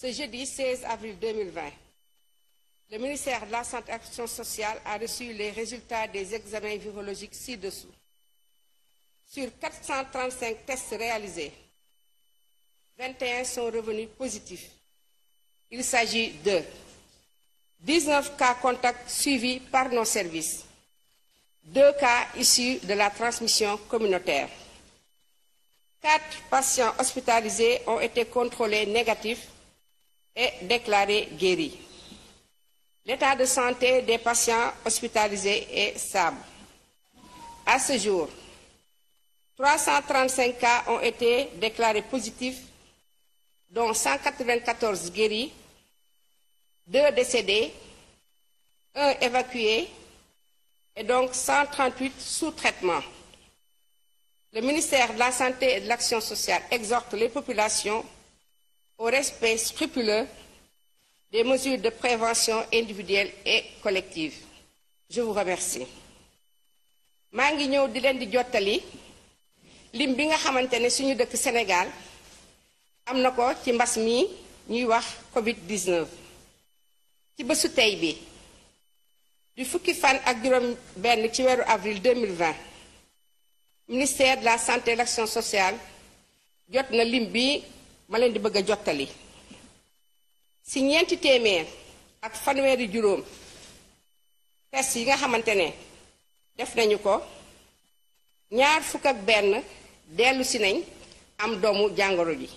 Ce jeudi 16 avril 2020, le ministère la Santé et de sociale a les résultats des examens virologiques ci-dessous. Sur 435 tests réalisés, 21 sont revenus positifs. Il s'agit de 19 cas contacts suivis par nos services, 2 cas issus de la transmission communautaire. 4 patients hospitalisés ont été contrôlés négatifs est déclaré guéri. L'état de santé des patients hospitalisés est stable. À ce jour, 335 cas ont été déclarés positifs, dont 194 guéris, 2 décédés, 1 évacué et donc 138 sous traitement. Le ministère la Santé l'Action sociale exhorte les populations au respect scrupuleux des mesures de prévention individuelle et collective je vous remercie maa ngi ñëw di leen di jottali lim bi nga xamante ne suñu dëkk Sénégal am na ko ci mbas mi ñuy wax Covid 19 ci bésu tey bi du fukki fan ak juróom benn ci weeru avril 2020 ministère de la santé et l'action sociale jot na lim bi ma leen di bëgg a jottali ci ñeenti téeméer ak fanweeri juróom test yi nga xamante ne def nañu ko ñaar fukk ak benn dellu si nañ am doomu jàngoro ji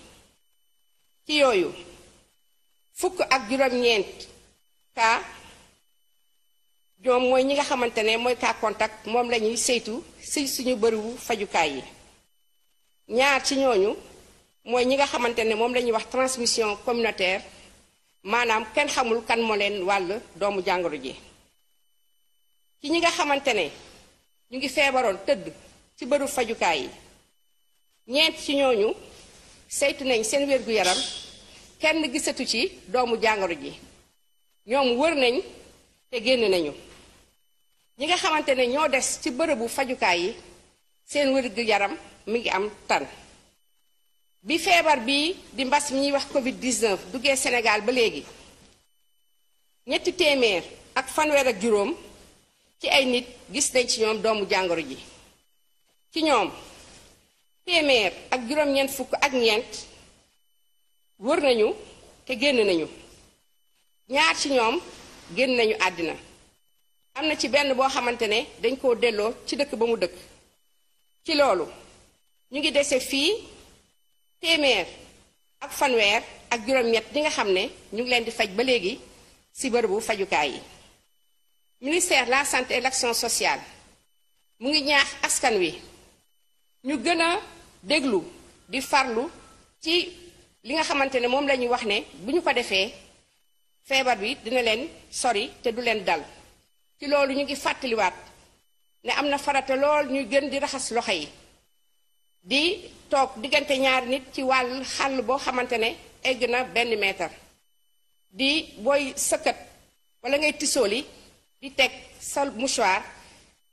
ci yooyu fukk ak juróom-ñeent cas ñoom mooy ñi nga xamante ne mooy cas contact moom lañuy ñuy saytu si suñu bëriwu fajukaay yi ñaar ci ñooñu mooy ñi nga xamante ne moom lañuy wax transmission communautaire maanaam kenn xamul kan moo leen wàll doomu jàngoro ji ci ñi nga xamante ne ñu ngi feebaroon tëdd ci bëru fajukaay yi ñeent ci ñooñu saytu nañ seen wér-gu-yaram kenn gisatu ci doomu jàngoro ji ñoom wër nañ te génn nañu ñi nga xamante ne ñoo des ci bërëbu fajukaay yi seen wér-gu-yaram mi ngi am tan bi feebar bii di mbas mi ñuy wax Covid 19 duggee Sénégal ba léegi ñetti téeméer ak fanweer ak juróom ci ay nit gis nañ ci ñoom doomu jàngoro ji ci ñoom téeméer ak juróom-ñeent fukk ak ñeent wër nañu te génn nañu ñaar ci ñoom génn nañu àddina am na ci benn boo xamante ne dañ koo delloo ci dëkk ba mu dëkk ci loolu ñu ngi dese fii. téeméer ak fanweer ak juróom-ñett ñi nga xam ne ñu ngi leen di faj ba léegi ci bërëbu fajukaay yi. ministère la santé et l'action sociale mu ngi ñaax askan wi ñu gën a déglu di farlu ci li nga xamante ne moom la ñuy wax ne bu ñu ko defee feebar bi dina leen sori te du leen dal ci loolu ñu ngi fàttaliwaat ne am na farata lool ñuy gën di raxas loxo yi. di toog diggante ñaari nit ci wàll xàll boo xamante ne egg na benn meetar di booy sëkkat wala ngay li di teg sa mouchoir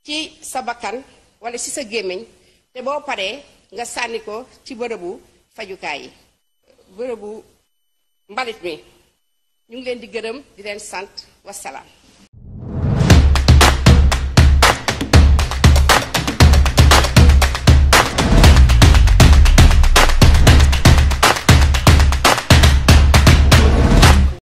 ci sa bakkan wala ci sa gémmiñ te boo paree nga sànni ko ci bërëbu fajukaay yi bërëbu mbalit mi ñu ngi leen di gërëm di leen sant wasalaam